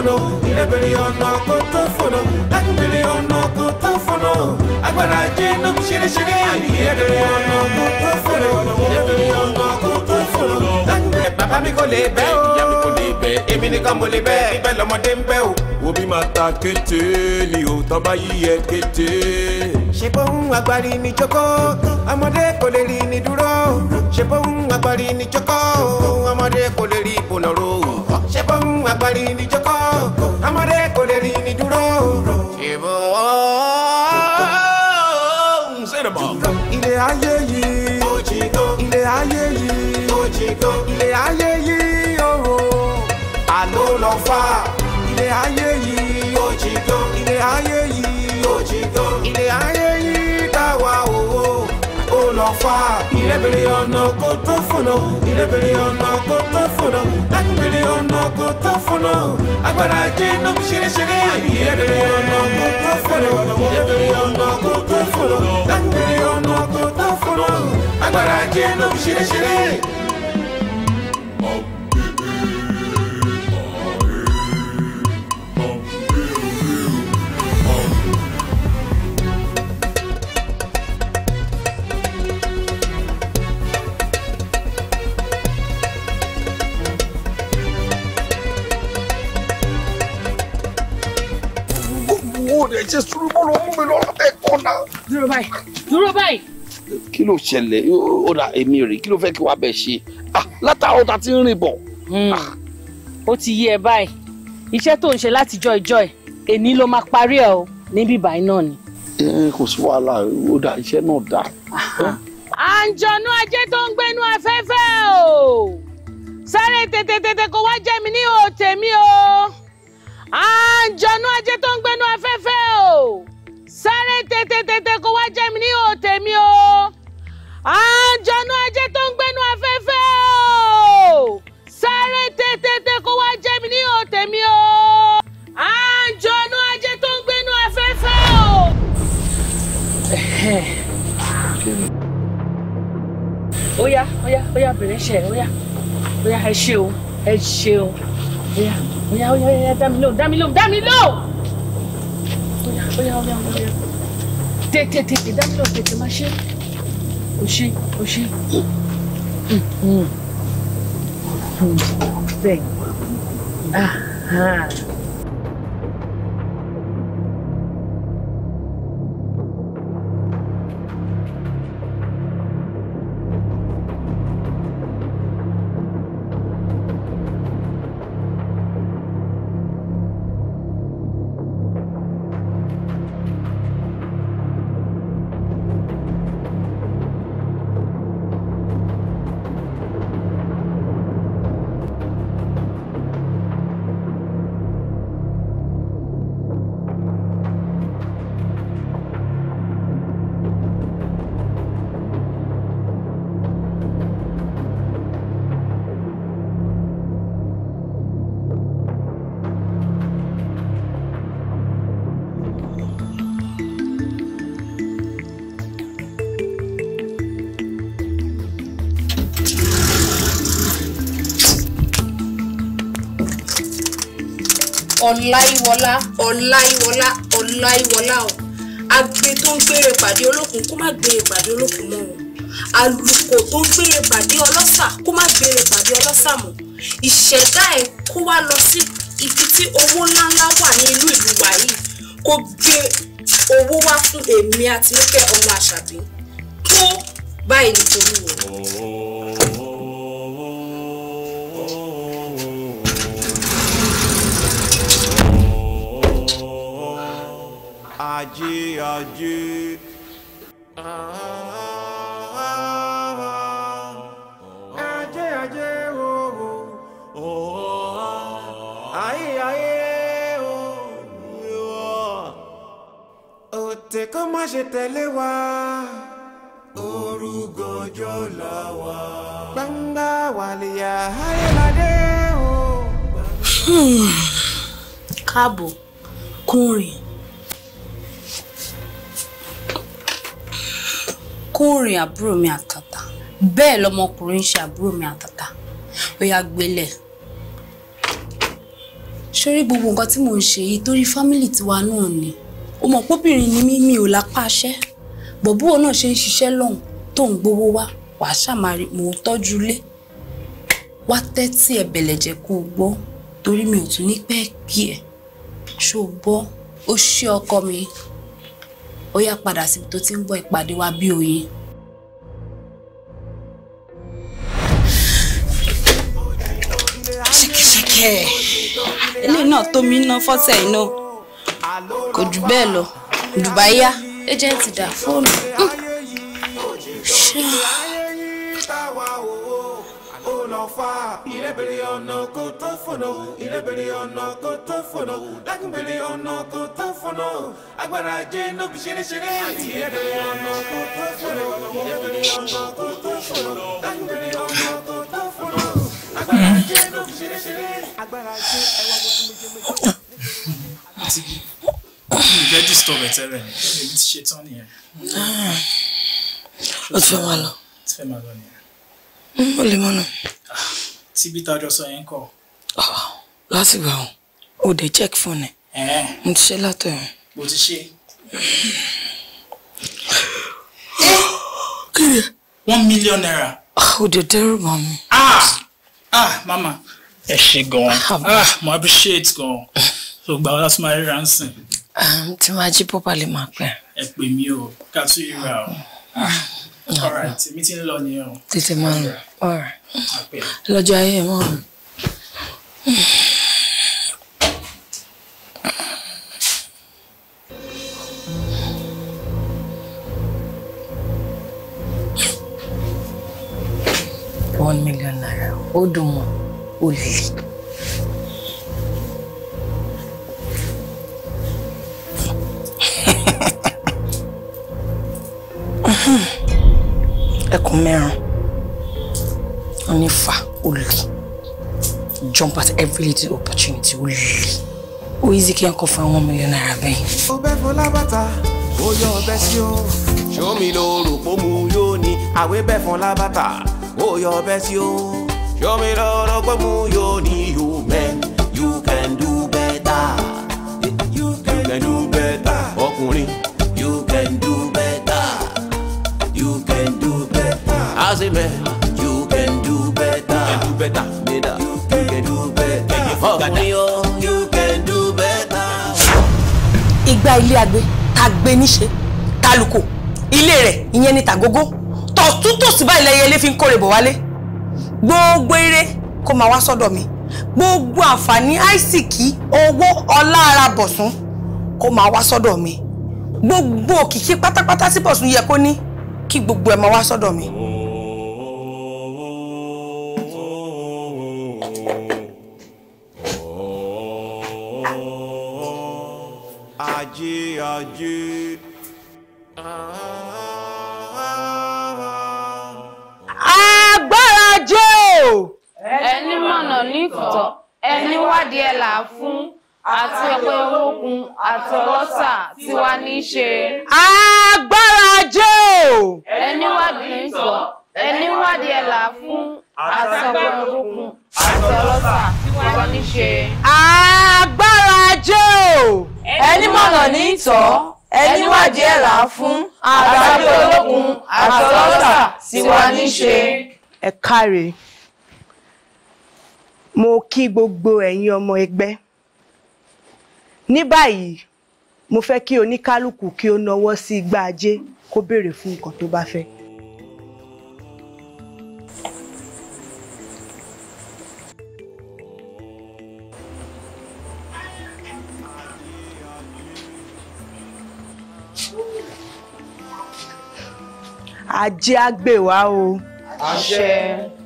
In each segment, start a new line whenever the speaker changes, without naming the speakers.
fònà ìrẹ́bẹ̀rẹ̀ ọ̀nà kò tó fònà lágbèrè ọ̀nà kò tó fònà agbára ajé náà ṣeréṣeré ìrẹ́bẹ̀rẹ̀ ọ̀nà kò tó fònà ìrẹ́bẹ̀rẹ̀ ọ̀nà kò tó fònà lágbèrè bàbá mi kò lè bẹ́ o ìyá mi kò lè bẹ́ èmi nìkan mo lè bẹ́ ibẹ̀ lọ́mọdé ń bẹ́ o. wo bí máa ta kété ni ò tán bá yíyẹ kété. ṣe bóun agbárí ni jókòó ọmọdé kò lè rí ni dúró ṣe bóun agbárí ni jókòó ọmọdé kò lè rí ìbò náà ṣe bọ́ ń agbárí ní jọ́kọ́ ọmọdé kò lè rìn ní dúró. ṣe bọ́ ń sẹ́nà bọ̀. ilé ayé yìí ilé ayé yìí ilé ayé yìí òhò àlọ́ lọ fà ilé ayé yìí ilé ayé yìí. I Il est brillant, no to follow. Il est brillant, no to follow. That brilliant, no good to follow. Agbára jẹ́ no ṣeré ṣeré. Il est brillant, no to follow. Il est brillant, no to follow. That brilliant, no good to follow. Agbára jẹ́ no ṣeré ṣeré.
kí ló ṣẹlẹ̀ ó dà èmi rè kí ló fẹ́ kí wàá bẹ̀ ṣe ah, látàárọ̀ ta ti ń rìn bọ̀. Hmm. Ah.
ó ti yí ẹ báyìí iṣẹ́ tó ń ṣe láti jọ ìjọ ẹ̀ èní ló máa parí ẹ̀ o níbí báyìí náà ni.
kò sí wàhálà ó dà iṣẹ́ náà dà. Ah.
àǹjọ̀nú ajé tó ń gbénú afẹ́fẹ́ o sáré tètè tètè wá jẹ́ mi ní o tèmi o àǹjọ̀nú ajé tó ń gbénú afẹ́fẹ́ o sáré tètè tètè wá jẹ́ mi ní o àjọ̀nú ajé tó ń gbẹ́nu afẹ́fẹ́ o sáré tètè kó wá jẹ́ mi ní ihò tèmi o àjọ̀nú ajé tó ń gbẹ́nu afẹ́fẹ́
o. ó yá ó yá ó yá bẹ̀rẹ̀ iṣẹ́ ó yá ó yá ẹ ṣe o ẹ ṣe o ó yá ó yá ó yá ó yá dá mi lóhùn dá mi lóhùn dá mi lóhùn ó yá ó yá ó yá ó yá tètè tètè dá mi lóhùn tètè máa ṣe é. Oxi, oxi. Hum, hum. hum vem.
Ah, ah.
ọláyíwọlá ọláyíwọlá ọláyíwọlá o agbe tó ń gbére pàdé olókun kó má gbére pàdé olókun mọ́ o alùkò tó ń gbére pàdé ọlọ́ṣà kó má gbére pàdé ọlọ́ṣà mọ́ ìṣẹ̀dá ẹ̀ kó wá lọ sí ibi tí owó ńláńlá wà ní inú ìlú wa yìí kó gbé owó wá fún èmi àti nífẹ̀ẹ́ ọmọ àṣàbí tó báyìí nítorí o.
ajé ajé. ajé má ṣe tẹ̀lé wa orúgànjọ́ là wà. gbangba wàlíyà ayélujáde o. Hmm. káàbọ̀ kúnrin
rìn àbúrò mi àtàtà bẹ́ẹ̀ lọmọkùnrin ń ṣe àbúrò mi àtàtà ó yá gbélé ṣorí gbogbo nǹkan tí mò ń ṣe yìí torí fámìlì tiwa náà ni o mọ̀ póbìnrin ni mí mi ò lápá aṣẹ́ bọ̀búwò náà ṣe ń ṣiṣẹ́ lọ́hùn tó ń gbowó wá wàá ṣàmárì mò ń tọ́jú ilé wá tẹ́tí ẹ̀bẹ̀lẹ̀ jẹ́ kó o gbọ́ torí mi ò tún ní pẹ́ kí ẹ̀ ṣó o gbọ́ ó ṣí ọkọ mi ó yá padà síbi tó ti ń gbọ́ ìpàdé wa bí oyin. Eh, eléyìí náà tó ná fọ́sẹ̀ yìí kò jù bẹ́ẹ̀ lọ Dubai yá agent dà fóònù.
Ìrẹ́bẹ̀rẹ̀ hmm. ọ̀nà
ìfẹ́ disturb ẹ̀ tẹ́lẹ̀ ni èmi ti ṣe tán nìyẹn. o ti fẹ́ máa lọ. ti fẹ́ máa lọ nìyẹn.
Mm, ó lè mọ́nà.
Ah, tí bíta ọjọ́ sọ yẹn
ah, lásìgbà o ò dé check phone ẹ. mo ti ṣe látọ̀ ẹ̀. mo ti ṣe. kí ni. one million naira. ó ah, dé dẹ́rù bá mi. ah ah mama ẹ ṣe gan ah, ah mo appreciate gan so gba ọlá um, tí máa rí ransom. tí wọ́n á jí pọ́pà lè máa pẹ́. ẹ pè mí o ká tún ìra o ah, alright èmi ti o. tètè máa lọ lọ́jọ́ ayé mọ́. ó dùn mọ́ ó lè. ẹkùn mẹ́rin onífà ó lè jump at every little opportunity ó lè ó easy kí n kọ fún àwọn mílíọ̀nù náírà
bẹ́ẹ̀. ó bẹ́ fọlá bàtà ó yọ ọbẹ̀ sí o ṣómi ló rò pó yóò ní àwébẹ̀ fọlá bàtà ó yọ ọbẹ̀ sí o. Yọmílọ́wọ́ you can do better you can do better ọkùnrin you can do better you can do better as you can do better you can do better you can do better ọkùnrin you can do better.
ìgbà ilé agbe tàgbé níṣe tálùkò ilé rẹ̀ ìyẹn ni tàgógó tọ̀tún tòsí báyìí lẹ́yẹ ilé fi ń kórè bọ̀ wálé gbogbo eré kó máa wá sọ́dọ̀ mi gbogbo àǹfààní àìsìkí owó ọlá ara bọ̀sùn kó máa wá sọ́dọ̀ mi gbogbo òkìkí pátápátá sí bọ̀sùn yẹ kó ní kí gbogbo ẹ̀ máa wá sọ́dọ̀ mi.
ajé ajé.
nítòótọ́ ẹni wádìí ẹ̀ là fún àti ọpẹ́ olókun àti ọlọ́sà tí wàá ní í ṣe. agbára jò. ẹni wádìí nítòótọ́ ẹni wádìí ẹ̀ là fún
àti ọpẹ́ olókun àti ọlọ́sà tí wàá ní í ṣe. agbára jò. ẹni mọ̀nà ní ìtọ́ ẹni wádìí ẹ̀ là fún àti ọpẹ́ olókun àti ọlọ́sà tí wàá ní í ṣe. ẹ káre mo kí gbogbo ẹ̀yin ọmọ ẹgbẹ́ ní báyìí mo fẹ́ kí oníkálukú kí ó nawọ́ sí igbá ajé kó béèrè fún nǹkan tó bá fẹ́. ajé á gbè o.
àṣẹ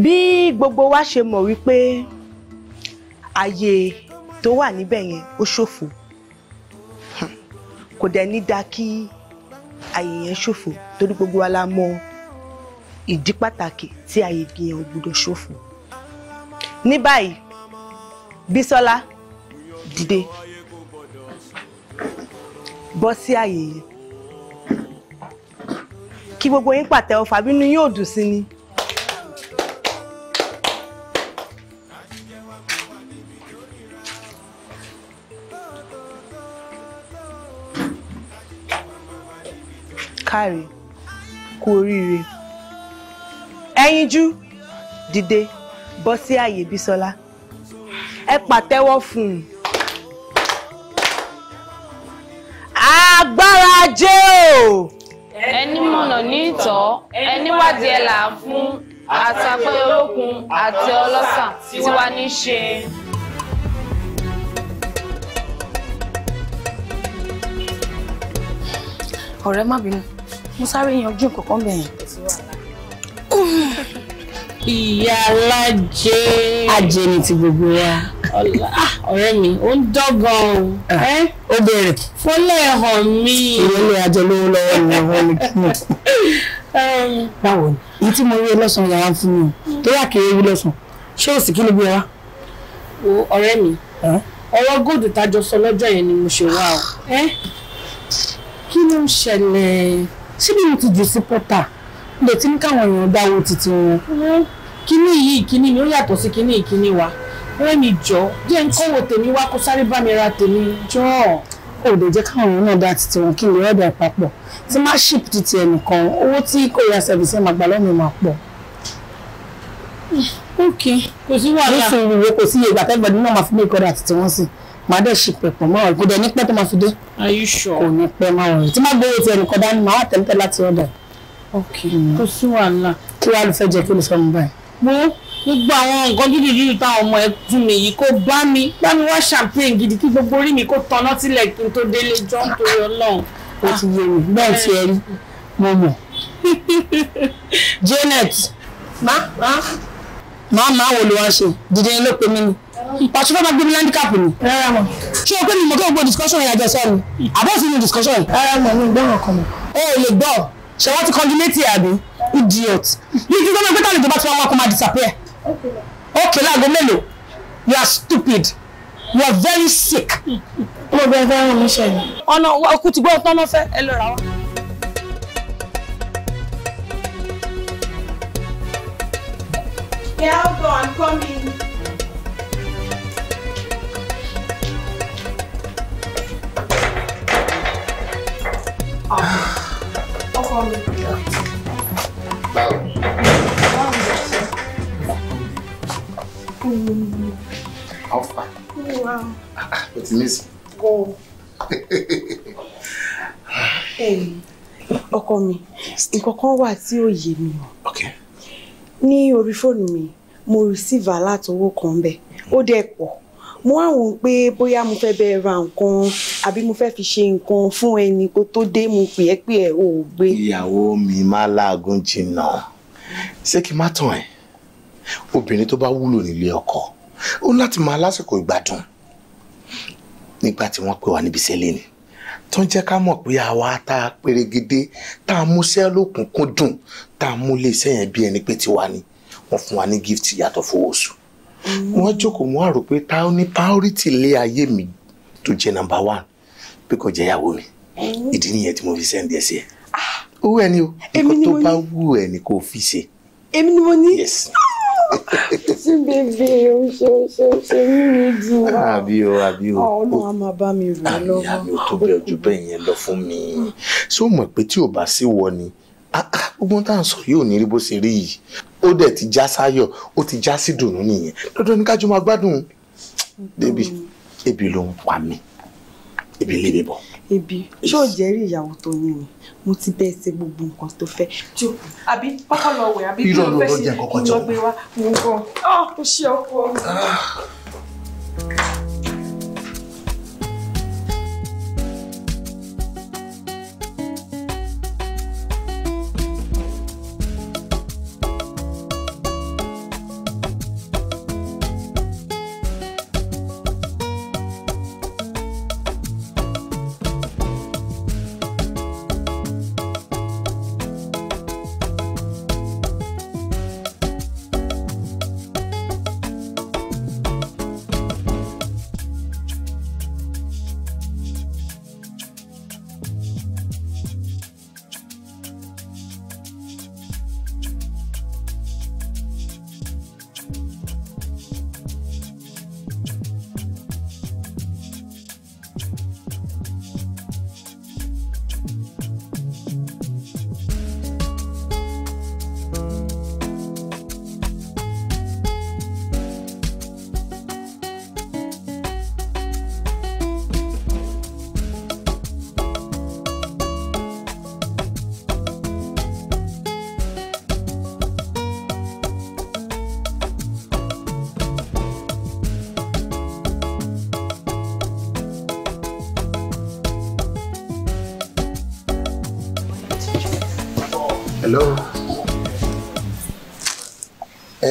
bí gbogbo wa ṣe mọ̀ wípé ààyè tó wà níbẹ̀ yẹn ó ṣòfò kò dẹ̀ ní da kí ààyè yẹn ṣòfò torí gbogbo wa la mọ̀ ìdí pàtàkì tí ààyè yẹn ò gbọdọ̀ ṣòfò ní báyìí Bísọ́lá dìde bọ́ sí ààyè yẹn kí gbogbo yín pàtẹ́wọ́ fàbínú yóò dùn sí ni. káre kú oríire ẹyinjú dìde bọ́ sí ààyè Bísọ́lá ẹ pàtẹ́wọ́ fún un agbára jẹ́ o.
ẹni mọ̀nà ní ìtọ́ ẹni wádìí ẹ̀ là ń fún àtàpẹ́ olókun
àti ọlọ́sà tí wàá
ní ṣe. ọ̀rẹ́ má bínú mo sáré yanjú nǹkan kan bẹ̀yẹn.
ìyá alájẹ.
ajé ti gbogbo wa. Ah, ọ̀rẹ́ mi ó ń dọ́gàn o. Ah, ó bẹ̀rẹ̀. fọlẹ́ hàn mí. ìrẹ́lẹ̀ ajé lówó lọ́wọ́ ni wọ́n ní kí wọ́n. báwo ni èyí tí mo rí lọ́sàn yàrá fún mi o tó yà kéré rí lọ́sàn-án ṣé òsì kí ló gbé wa. wo ọ̀rẹ́ mi ọ̀rọ̀ góòdù tájọ sọ lọ́jọ́ yẹn ni mo ṣe wá o. kí ló ń ṣẹlẹ̀? síbi mo ti jù sí pọ́tà mo dẹ̀ ti ń káwọn èèyàn dáwọ́ títí wọn. Mm-hmm. kíní yìí kíní mi ó yàtọ̀ sí kíní ìkíní wa ọ̀rẹ́ mi jọ jẹ́ ń kọ́wọ́ tèmi wá kó sáré bá mi ra tèmi jọ. ó lè jẹ́ káwọn èèyàn náà dá títí wọn kí n lè rọ́ọ̀dà papọ̀ tí má ṣìp títí ẹnìkan owó tí kòríà sẹ̀fìsì máa gbà lọ́mọ máa pọ̀. Mm, ok kò sí wàhálà. ó sì ń wo kò sí ìgbà tẹ́gbẹ̀dún náà máa fi mí ìkọ́dà títí wọn sí i màá dẹ̀ ṣì pẹ̀pọ̀ máa wọ̀ kó dẹ̀ ní pẹ́ tó máa fi dé. are you sure. kò ní pẹ́ máa wọ̀ tí máa gbowó ti ẹnì kan dání màá wà tẹ́lifẹ́ láti ọ̀dà. ok hmm. kò sí wàhálà. kí wàá lọ fẹ́ jẹ kí olùsọ mi báyìí.
mo gbogbo
àwọn nǹkan dídì dídì táwọn ọmọ ẹ fún mi yìí kó bá mi bá mi wá champagne gidi kí gbogbo orí mi kó tanná sílẹ̀ kí n tó délé jọ́ nítorí ọlọ́run. ó ti yé mi bẹ́ẹ̀ ti ẹ Janet má má má má wo ló wá ṣe dídé ló pàṣẹ fẹ́ máa gbé mi láńdíkàpù ni. rárá mọ. ṣé o pé mi mọ̀ kí o gbọ́ discussion yẹn àjọṣọ ni àbọ̀ sí ni discussion yìí. rárá mọ mi gbọ́ ọkàn mi. o ò lè gbọ́ ṣe wọ́n ti condemnate ẹ̀ àbí idiot yìí ti gbọ́dọ̀ gbẹ́tà lẹ́jọ́ bá ti wọn kó máa disappear. ok láago mélòó you are stupid you are very sick. mo bẹ fẹ́ràn mi ṣe ni. ọ̀nà òkú ti gbọ́ tọ́nà fẹ́ ẹ lọ rà Yeah, go on, come ọkọ mi. How far? Wow. But miss. Go. Ọkọ mi, nǹkan kan wà tí ò yé mi o. Ní orí fóònù mi, mo receive alert owó kan bẹ́ẹ̀, ó dẹ̀ pọ̀ mo wá wò ó pé bóyá mo fẹ́ bẹ́ẹ̀ ra nǹkan àbí mo fẹ́ fi ṣe nǹkan fún ẹni kó tó dé mo pè é pé ẹ ò
gbé. ìyàwó
mi máa láàgùn jìnnà ṣé kí n má tàn ẹ́ obìnrin tó bá wúlò nílé ọkọ ó láti máa lásìkò ìgbádùn nígbà tí wọ́n pè wá níbi iṣẹ́ lẹ́nu tó ń jẹ́ ká mọ̀ pé àwa tá a pèrègede tá a múṣẹ́ lókùnkúndùn tá a mú iléeṣẹ́ yẹn bí ẹni pé tiwa ni wọ́n fún wa ní gift yàtọ̀ fowóṣù wọ́n jókòó wọ́n àrò pé ta ní priority lé ayé mi tó jẹ́ number one pé kò jẹ́ ìyàwó mi mm. ìdí nìyẹn tí mo fi sẹ́ndì ẹ̀ sí ẹ̀ ah. owó ẹni o nǹkan tó bá wù ẹ ni kò fi ṣe. èmi ni mo ní. yes.
ṣé bèbè o ṣe o ṣe o ṣe mí mi jù wá.
àbí o àbí o. Oh, ọlọ́run a máa bá mi rò ó lọ́wọ́. àmì àmì o tó bẹ ojú bẹ́ẹ̀ yẹn lọ fún mi. ṣé o mọ̀ pé tí o bá sí wọ ni ah, ah, gbogbo tá sọ yóò ní rí bó ṣe rí yìí ó dẹ̀ ti já sáyọ̀ ó ti já sí dùnú nìyẹn dandan ní kájú máa gbádùn débi ebi ló ń pa mí ebi lé bọ̀.
ebi ṣé ò jẹ́ rí ìyàwó tó yín ni mo ti bẹ́ẹ̀ ṣe gbogbo nǹkan tó fẹ́ tí o àbí pákó lọ wẹ̀ àbí kí ló fẹ́ sí ìlọgbé mo gan-an ah, ó ṣe ọkọ ah.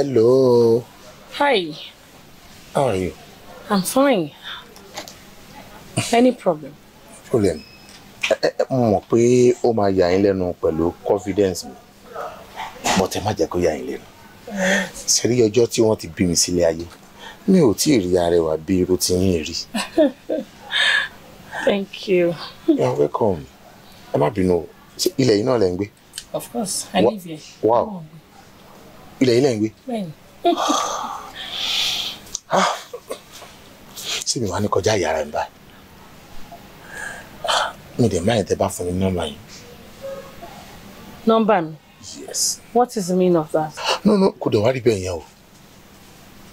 Hello. Hi. How are you?
I'm fine. Any problem?
Problem. Mo mọ̀ pé ó máa yà yín lẹ́nu confidence mi. But ẹ má jẹ́ kó yà yín lẹ́nu. Ṣẹ́rí ọjọ́ tí wọ́n ti bí mi sílé ayé, mi ò tí ì rí arẹwà bí irú ti yín rí.
Thank you.
You're welcome. Ẹ má bínú, ilẹ̀ yìí náà lẹ̀ ń gbé.
Of course, I live here.
Wow ilẹ̀ yìí lẹ́yìn gbé. sí ah. mi wá ní kọjá ìyá rẹ̀ ń báyìí mi dẹ̀ máa yẹn tẹ́ bá fún mi nọ́mbà yìí.
nọ́mbà mi. yes. what is the meaning of that.
no no kò dẹ̀ wá rí bẹ́ẹ̀ yẹn o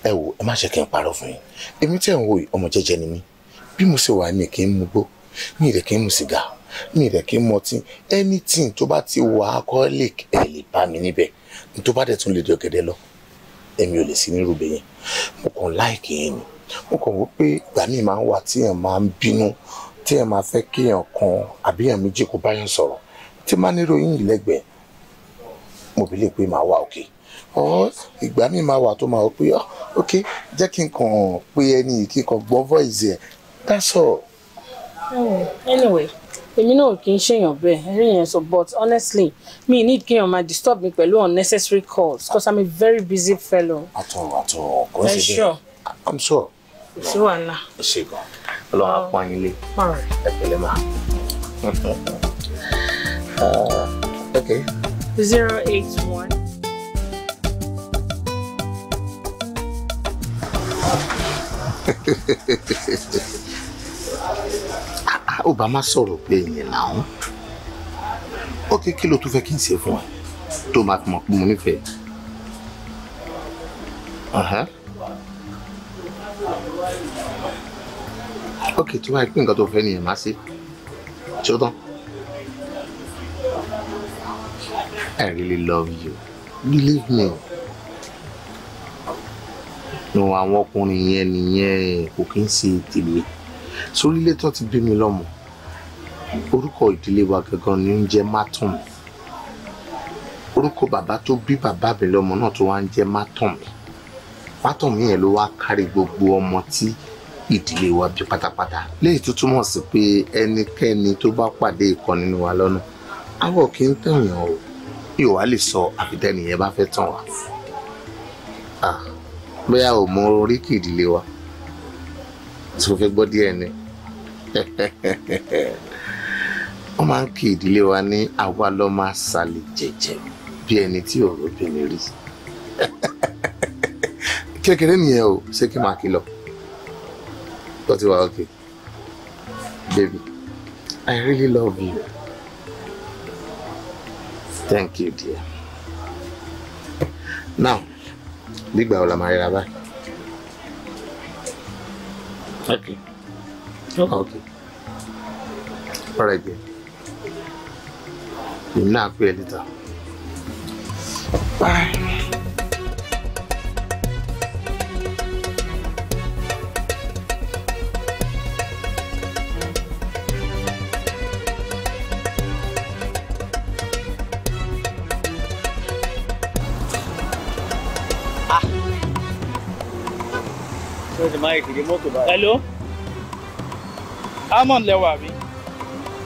ẹ wò ẹ má ṣe kí n parọ́ fún yín èmi tẹ̀ ń wo ọmọ jẹ́jẹ́ ni mí bí mo ṣe wà ní kí n mu gbó mi kí n mu sìgá mi ì kí n mu anything tó bá ti wà alcoholic ẹ lè bá mi níbẹ̀ tó bá dẹ̀ tún lè di ọ̀gẹ̀dẹ̀ lọ èmi ò lè sí ní rúbẹ̀ yẹn mo kàn láìkì yẹn ni mo kàn wọ́n pé ìgbà míì máa ń wà tí èèyàn máa ń bínú tí èèyàn máa fẹ́ kí èèyàn kan àbí èèyàn méjì kó bá yẹn sọ̀rọ̀ tí máa ní ròyìn yìí mo bí lè pé màá wà òkè ọ ìgbà míì máa wà tó máa wọ pé ọ ah, ok jẹ́ kí n kàn pé ẹni kí n kàn gbọ́ voice ẹ̀ that's
hmm, anyway èmi náà kì í ṣèyàn bẹ́ẹ̀ ẹrí yẹn so but honestly me need kí èèyàn máa disturb me pẹ̀lú unnecessary calls because i'm a very busy fellow. àtọ
àtọ
kò ń ṣe bẹ́ẹ̀ i'm sure. kò sí wàhálà. ó ṣe gan Ọlọ́run apá yín lé ẹ pẹ̀lẹ́ ma. Uh, okay.
zero eight one.
ó bá má sọ̀rọ̀ pé ìyẹn làwọn ó kí kí ló tún fẹ́ kí n ṣe fún ẹ tó máa fi mọ̀ pé mo nífẹ̀ẹ́. ok tó bá yẹ pé nǹkan tó fẹ́ nìyẹn má sí ṣé ó tán I really love you believe me nu àwọn ọkùnrin yẹn nìyẹn kò kí ń ṣe tèmi sórí ilé tó ti bí mi lọ́mọ orúkọ ìdílé wa gangan ni ó ń jẹ́ Mátọ̀m orúkọ bàbá tó bí bàbá mi lọ́mọ náà tó wá ń jẹ́ Mátọ̀m Mátọ̀m yẹn ló wá kárí gbogbo ọmọ tí ìdílé wa bí pátápátá léyìí tó túmọ̀ sí pé ẹnikẹ́ni tó bá pàdé ìkan nínú wa lọ́nà àwọ̀ kì í tàn yàn o yóò wá lè sọ àfitẹ́nìyẹn bá fẹ́ tàn wá bóyá ò mọ oríkì ìdílé wa. Ah, sọ fẹ́ gbọ́ díẹ̀ ni wọ́n máa ń kí ìdílé wa ní àwa lọ́ máa sàlẹ̀ jẹ̀jẹ̀ bí ẹni tí ọ̀rọ̀ bìnrin rí kékeré nìyẹn o ṣé kí máa kí lọ ó ti wà ókè baby I really love you thank you dear now gbígbà ọ̀la máa ríra báyìí aquí. Jókòó aquí. Ọ̀rọ̀ ẹ̀gbẹ́. Èmi náà Bye. Hello. I'm I'm I'm on the Now now. my motor in by láì tètè mọ́tò báyìí. hello almond lẹwà mi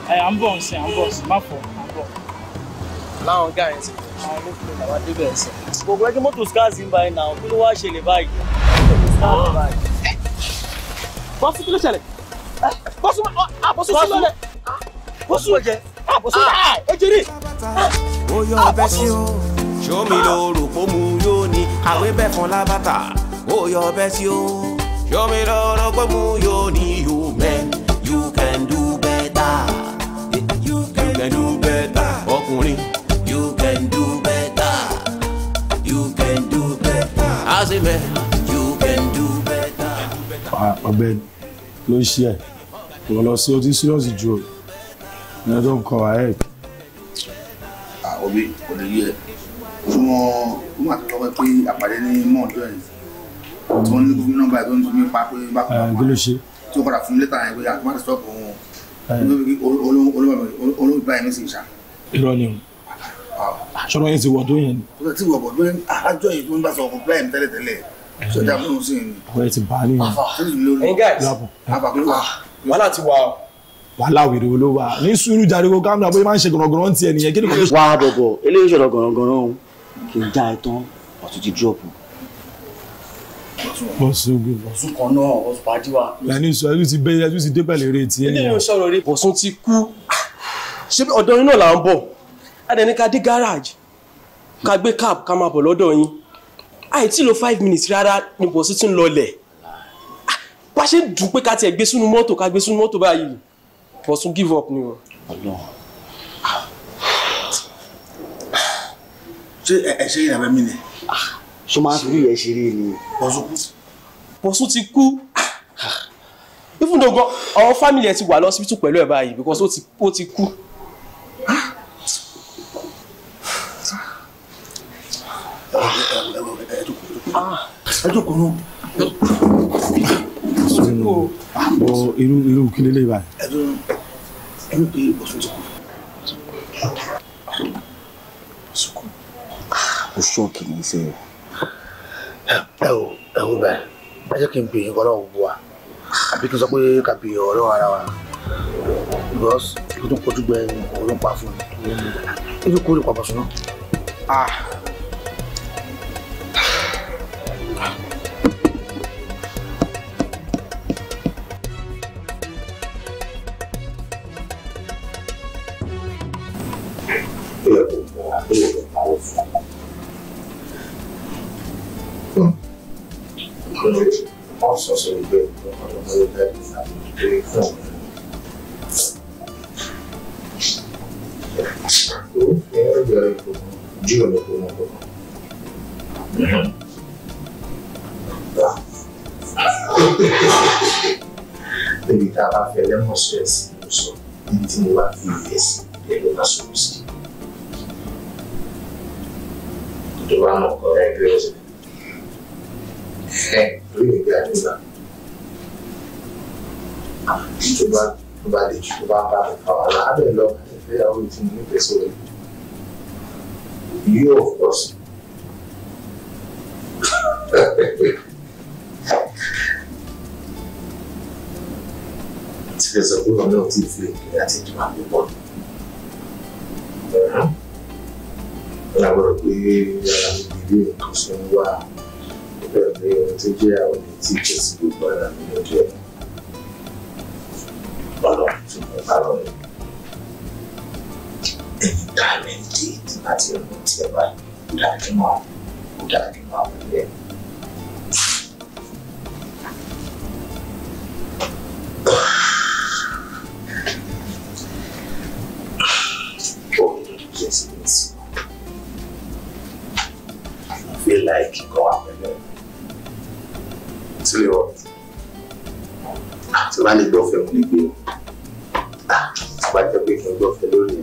ẹ à ń bọ̀ nsìn à ń bọ̀ nsìn má fọ à ń bọ̀.
láwọn gá yẹn ti àwọn olókùnrin làwọn débẹ̀ ẹ̀sẹ̀. gbogbo ẹjọ́ mọ́tò scars ń báyìí náà kí ló wá ṣẹlẹ̀ báyìí.
bọ́sù kí ló ṣẹlẹ̀ bọ́sù àbọ̀sù sílẹ̀ bọ́sù àbọ̀sù ejiri. ó yọ ọbẹ̀ sí o ṣó mi lo rò pó mu yóò ní àwẹ̀ bẹ̀ fún lábàtà ó yọ ọbẹ̀ sí o. Yo me lo loco mu yo ni you man, you can do better. You can do better. Ọkùnrin, you can do better. You can do better. Azime, you can do better.
Ah, ọbẹ̀ ló ń ṣe ẹ̀, kò lọ sí ojú serious ju o, ní ọjọ́ nǹkan wáyé. Àwọn mi kò lè yẹ, ó mọ ó mà tọ́wọ́ pé àpàdé ní mọ́ọ̀dọ́ yìí tó ń ní gómìnà báyìí tó ń fi mí pa pé bákan náà kí ló ṣe tí ó padà fún mi lẹ́tà yẹn pé àtúmọ̀ àti sọ́ọ̀bù òun olóògbé báyìí mi sì ṣá. irọ́ ni o aṣọ́nà yẹn ti wọ̀ tó yẹn ni. ti wọ̀ bọ̀ lórí àjọ yìí tó ń bá sọ ọkọ̀ pílẹ̀ mi tẹ́lẹ̀
tẹ́lẹ̀
wàhálà wèrè wo ló wà ní sùúrù jàre ko bóyá máa ń ṣe gọ̀rọ̀gọ̀rọ̀ ń tiẹ̀ nìyẹn kí ni kò ní. wàá bọ̀bọ̀ eléyìí ṣọ̀rọ̀ gọ̀rọ̀gọ̀rọ̀ kì í já ẹ tán ọ̀tún ti dúrọ̀pù bọ̀sùn gbé bọ̀sùn kan náà bọ̀sùn pàdé wa. lani sọ ẹjú ti bẹ́ẹ̀ ẹjú ti dé balẹ̀ rẹ̀ tiẹ̀. ilé yóò sọ̀rọ̀ rẹ̀ bọ̀sùn ti kú ṣé ọ̀dọ̀ yín náà là ń bọ̀ adẹni ká dé
garage ká gbé cab ká máa bọ̀ lọ́dọ̀ yín àìtí lo five minutes rárá
ni bọ̀sùn ti ń lọlẹ̀ bá ṣe dùn pé ká tiẹ̀ gbé sínú mọ́tò ká gbé sínú mọ́tò báyìí bọ̀sùn give up ni o. ṣé ẹ ṣe yín ṣó máa ń fi yẹ ṣeré ni. bọ̀sùn ti kú even though gan àwọn family ẹ ti wà lọ́sibítù pẹ̀lú ẹ̀ báyìí because ó ti kú. ẹ jókòó nù. o irú irú kí lélẹ́yìí báyìí. ẹ dún ẹ ní pé bọ̀sùn ti kú. Bọ̀sùn kú. o ṣọ́ọ̀kì ní í sẹ́yìn ẹ ò ẹ ò bẹ́ẹ̀ ẹ jẹ́ kí n bèèrè nǹkan lọ́wọ́ wa àbí kí n sọ pé ká bèèrè ọ̀rọ̀ ara wa because kí n tó kojú gbẹ òun ló ń pa fún mi kí n tó kórè pàpà Yeah. sọ sórí pé ọ̀dọ̀ mọ́lẹ́ bẹ́ẹ̀ ni àti ìdílé fún un. Ó fi ẹ̀rọ ìkó jí ọ̀dọ̀ kó mọ̀ kó. Ebi tá a bá fẹ́ lẹ́mọ̀ sí ẹ̀sìn ló sọ, ibi tí mo ló bá lè ju bá bá mi pa wàhálà á bẹ̀ lọ ìgbéyàwó tí mo nífẹ̀ẹ́ sórí yóò pọ̀ sí. Tí lè sọ pé wọn náà ti fi èké àti ìjọba mi pọ̀ ní. Lábọ̀rọ̀ pé ara mi bìbí nǹkan sọ ń wá bẹ́ẹ̀ pé ohun tó jẹ́ bá ti rò tí ẹ bá dájú mọ́ àwọn dájú mọ́ àwọn ilé. feel like go up and then tell you what tí wàá lè gbọ́ fẹ́ mo lè gbé o
tí wàá jẹ́ pé kí n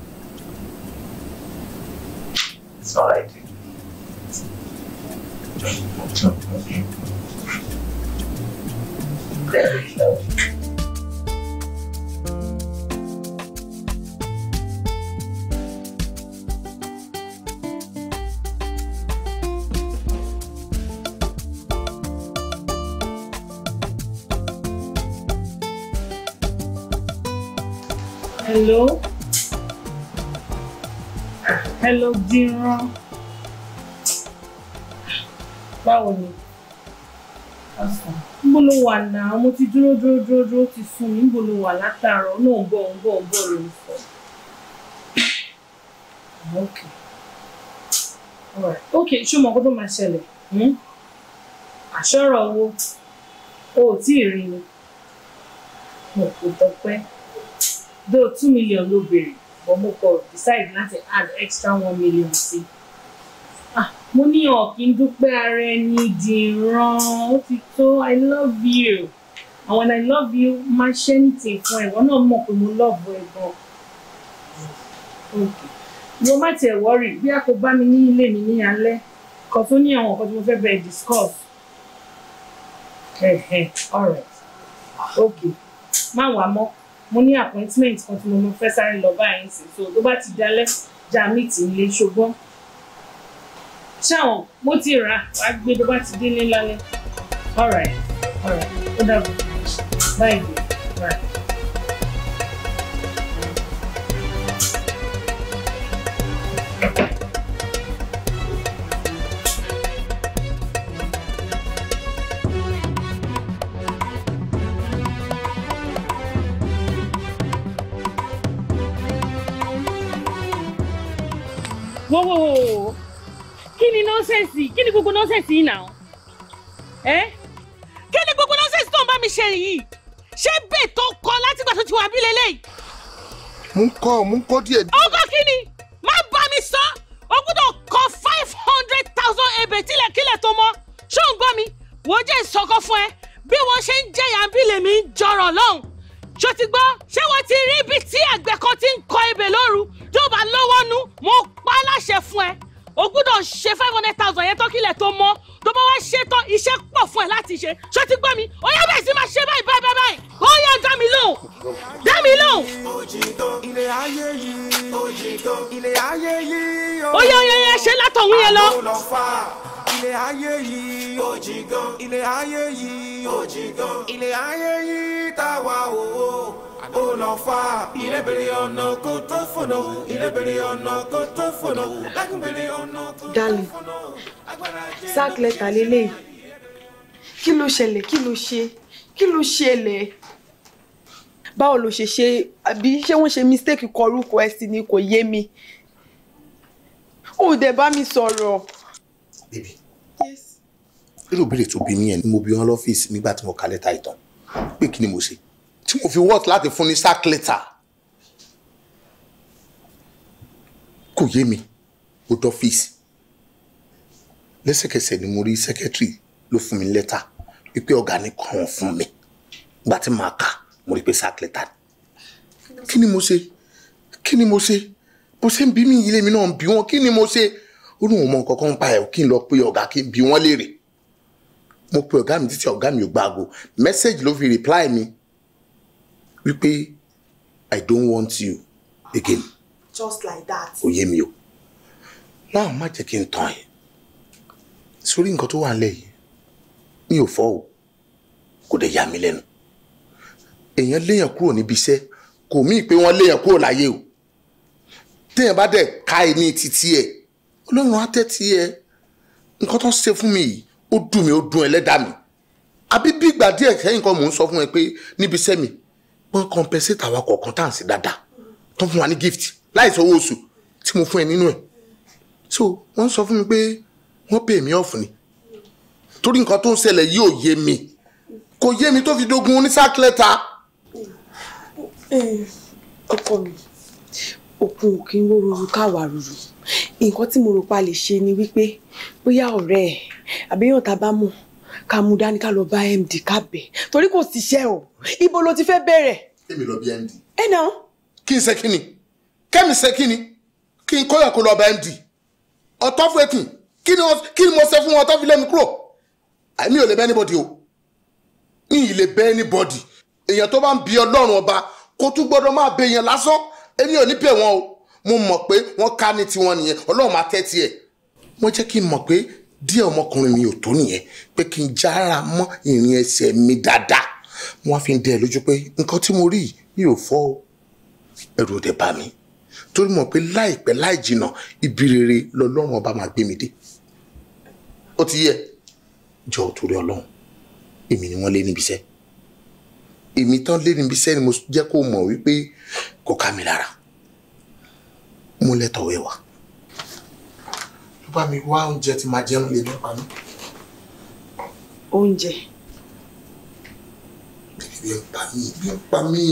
Hello. Hello, Dìran. Báwo ni? Níbo ló wà náà? Mo ti dúró dúró dúró dúró ti sùn mí. Níbo ló wà látàárọ̀? Náà ń ń bọ̀ ń bọ̀ ló ń sọ. Okay. Alright. Okay, ṣé o mọ nǹkan tó máa ṣẹlẹ̀? Hmm? Àṣọ̀rọ̀ wo? O ò tí rí mi. Mo kò tọpẹ́ though two million ló béèrè but mo kọ decide láti add extra one million sí i ah, mo ní ọ̀kí ń dúpẹ́ ara ẹni dìran ó ti tó i love you and when i love you má ṣe ní tè fún ẹ wọn náà mọ̀ pé mo love ẹ gan okay mo má tiẹ̀ wọ́rì bí a kò bá mi ní ilé mi ní alẹ́ kan tó ní àwọn nǹkan tí mo fẹ́ bẹ̀rẹ̀ discuss all right okay má wàá mọ́ mo ní appointment kan tí mo mọ fẹ́ sáré lọ báyìí sí so tó bá ti dalẹ̀ já mìtì nílé ṣùgbọ́n ṣáwọn mo ti rà á gbé tó bá ti délé lálẹ́ all right ó dàbọ̀ báyìí right.
whoa whoa whoa nọ́sẹ̀sì kí ni gbogbo nọ́sẹ̀sì yìí náà ẹ́ kí ni gbogbo nọ́sẹ̀sì tó ń bá mi ṣe yìí ṣé bẹ́ẹ̀ tó kọ́ látìgbà tó ti wà bí lélẹ́yìí. mú kọ́ mú kọ́ díẹ̀. ọkọ kí ni má mi sọ o gbọ́dọ̀ kọ 500.000 hundred thousand ebè tílẹ̀kílẹ̀ tó mọ́ ṣó ń gbọ́ mi wò ó jẹ́ ìsọkọ fún ẹ bí wọ́n ṣe ń jẹ̀yà bí lèmi ń jọrọ̀ lọ́hùn ṣó ti gbọ́ ṣé wọ́n ti rí ibi tí àgbẹ̀ kan ti ń kọ ebè lóru tó bá lọ́wọ́ nu mo pa á láṣẹ fún ẹ o gbúdọ̀ ṣe five hundred thousand yẹn tọ́kílẹ̀ tó mọ́ tó bá wá ṣe tán iṣẹ́ pọ̀ fún ẹ láti ṣe ṣó gbọ́ mi ó yá bẹ́ẹ̀ sí máa ṣe báyìí báyìí báyìí ó yá dá mi lóhùn dá mi lóhùn.
ó yá ó yá ṣe látọ̀hún yẹn lọ ilé ayé yìí ó jì gan ilé ayé yìí ó jì gan ilé ayé yìí tá a wà o ó lọ fà á. ọ̀nà kó tó fònà ilé ọ̀nà kó tó fònà lágùn ọ̀nà
kó tó fònà. sack lẹ́tà lélẹ́yìí kí ló ṣẹlẹ̀ kí ló ṣe kí ló ṣẹlẹ̀ báwo ló ṣe ṣe àbí ṣé wọ́n ṣe mistake kọ orúkọ ẹ sí ni kò yé mi ó dẹ̀ bá mi sọ̀rọ̀. bèbí
irú ìbéèrè tó bí nìyẹn ni mo bí wọn lọ́fíìsì nígbà tí mo ka lẹ́tà ìtàn pé kí ni mo ṣe tí mo fi wọ́ọ̀tì láti fún ní sack letter kò yé mi ó dọ́fíìsì lẹ́sẹ̀kẹsẹ̀ ni mo rí sẹ́kẹ́tìrì ló fún mi lẹ́tà wípé ọ̀gá ni kàn fún mi gbà tí màá kà mo rí pé sack letter ni kí ni mo ṣe kí ni mo ṣe bó ṣe ń bí mi ilé mi náà ń bí wọn kí ni mo ṣe ó ní òun mọ nǹkan kan ń pa ẹ̀ kí n lọ pé ọ̀gá kí n bí wọn léèrè mo pe ọ̀gá mi títí ọ̀gá mi ò gba aago ló fi reply mi wípé i don't want you again.
just like that. ó yé mi
o láwọn má jẹ́ kí n tàn ẹ́ sórí nǹkan tó wà lẹ́yìn mi ò fọ́ o kò dẹ̀ yà mí lẹ́nu èèyàn léèyàn kúrò níbi iṣẹ́ kò míì pé wọ́n léèyàn kúrò láyé o téèyàn bá dẹ̀ ka ẹni títí ẹ̀ ọlọ́run á tẹ́tí ẹ nǹkan tó ṣe fún mi yìí ó dùn mí ó dùn ẹlẹ́dàá mi àbí bí ìgbà díẹ̀ sẹ́yìn kan mò ń sọ fún ẹ pé níbi sẹ́mi wọ́n compensate àwa kọ̀ọ̀kan tá à ń sí dáadáa tó fún wa ní gift láì sanwó oṣù tí mo fún ẹ nínú ẹ̀ so wọ́n sọ fún mi pé wọ́n pè mí ọ̀fun ni torí nǹkan tó ń ṣẹlẹ̀ yìí ò yé mi kò yé mi tó fi dogun ní sákìlẹ́ta.
Eh, ọkọ mi òkun òkè ń wó ruru káwa ruru nǹkan tí mo rò pa lè ṣe ni wípé bóyá ọ̀rẹ́ ẹ̀ àbíyàn tá a bá mọ̀ ká mú dání ká lọ bá md ká bẹ̀ torí kò síṣẹ́ o ibo ló ti fẹ́ bẹ̀rẹ̀.
èmi lọ bí md. ẹ nà. kí n ṣe kí ni kẹ́mi ṣe kí ni kí n kóyọ̀ kó lọ bá md ọ̀tọ́ fún ẹkùn kí ni mo ṣe fún wọn ọ̀tọ́ fi lé mi kúrò mi ò lè bẹ́ anybody o mi ì lè bẹ́ anybody èèyàn tó bá ń bi ọlọ́run ọba kó tún gbọ́dọ̀ máa bẹ èèyàn lásán èmi ò ní bẹ̀ wọn o mo mọ̀ pé wọ́n ká ní tiwọn nìyẹn ọlọ́run máa tẹ́ tiẹ̀ wọ́n jẹ́ kí n mọ̀ pé díẹ̀ ọmọkùnrin mi ò tó nìyẹn pé kí n jára mọ́ ìrìn ẹsẹ̀ mi dáadáa wọ́n á fi ń dẹ́ ẹ lójú pé nǹkan tí mo rí mi ò fọ́ o ẹ̀rù òde bá mi torí mọ̀ pé láìpẹ́ láì jìnà ibi rere lọ́lọ́run ọba máa gbé mi dé ó ti yẹ jọ torí ọlọ́run èmi ni wọ́n lé níbi iṣẹ́ èmi tán lé níbi iṣẹ́ ni mo jẹ́ kó mọ̀ wípé kò ká mi lára mo lẹ tọ̀wé wa. ló bá mi wá oúnjẹ tí màá jẹun lè ní paná. oúnjẹ. bí n pa mí bí n pa mí.